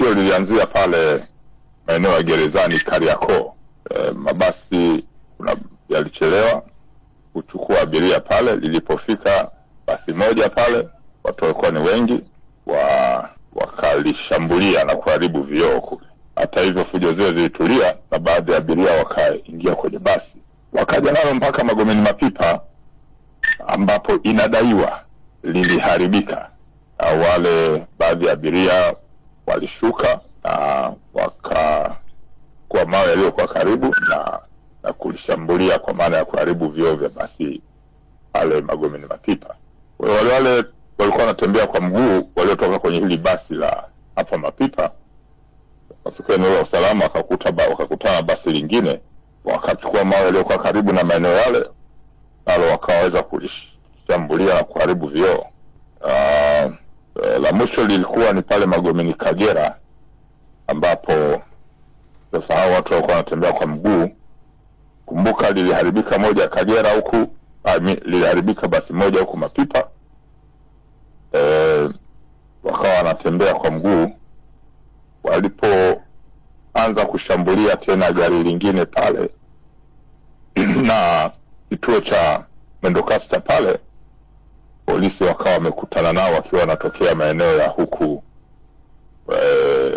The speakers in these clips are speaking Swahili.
Tukio lilianzia pale maeneo ya gerezani Kariakoo. E, mabasi kuna yalichelewa kuchukua abiria pale. Lilipofika basi moja pale, watu walikuwa ni wengi wa, wakalishambulia na kuharibu vioo kule. Hata hivyo fujo zile zilitulia na baadhi ya abiria wakaingia kwenye basi wakaja nalo mpaka Magomeni Mapipa ambapo inadaiwa liliharibika. Wale baadhi ya abiria walishuka na wakakuwa mawe yaliyokuwa karibu na, na kulishambulia kwa maana ya kuharibu vioo vya basi pale Magomeni Mapipa. Wale wale walikuwa wanatembea kwa mguu waliotoka kwenye hili basi la hapa Mapipa, wafika eneo la usalama wakakutana basi lingine, wakachukua mawe yaliyokuwa karibu na maeneo yale, nalo wakaweza kulishambulia na kuharibu vyoo Uh, ah, Eh, la mwisho lilikuwa ni pale Magomeni Kagera, ambapo sasa hao watu walikuwa wanatembea kwa mguu. Kumbuka liliharibika moja Kagera huku, liliharibika basi moja huku Mapipa, eh, wakawa wanatembea kwa mguu. Walipoanza kushambulia tena gari lingine pale na kituo cha mwendokasi cha pale polisi wakawa wamekutana nao wakiwa wanatokea maeneo ya huku e,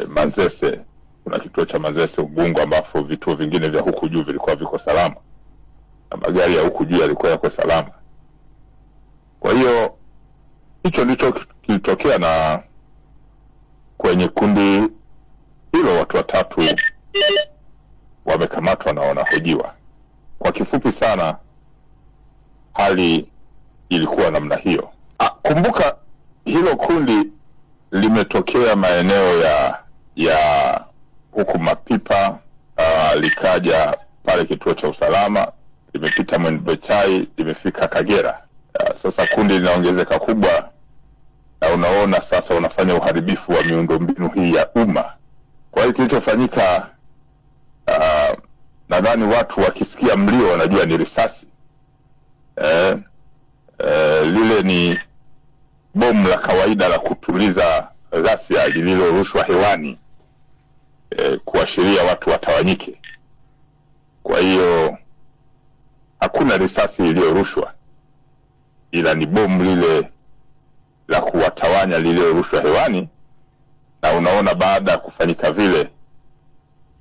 Mazese. Kuna kituo cha Mazese ubungu ambapo vituo vingine vya huku juu vilikuwa viko salama na magari ya huku juu yalikuwa yako salama. Kwa hiyo hicho ndicho kilitokea, na kwenye kundi hilo watu watatu wamekamatwa na wanahojiwa. Kwa kifupi sana, hali ilikuwa namna hiyo. Ah, kumbuka hilo kundi limetokea maeneo ya ya huku Mapipa, uh, likaja pale kituo cha usalama, limepita mwenbechai limefika Kagera. Uh, sasa kundi linaongezeka kubwa, na unaona sasa unafanya uharibifu wa miundombinu hii ya umma. Kwa hiyo kilichofanyika, uh, nadhani watu wakisikia mlio wanajua ni risasi eh, Eh, lile ni bomu la kawaida la kutuliza ghasia lililorushwa hewani eh, kuashiria watu watawanyike. Kwa hiyo hakuna risasi iliyorushwa, ila ni bomu lile la kuwatawanya lililorushwa hewani, na unaona baada ya kufanyika vile,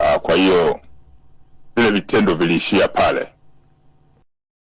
aa, ah, kwa hiyo vile vitendo viliishia pale.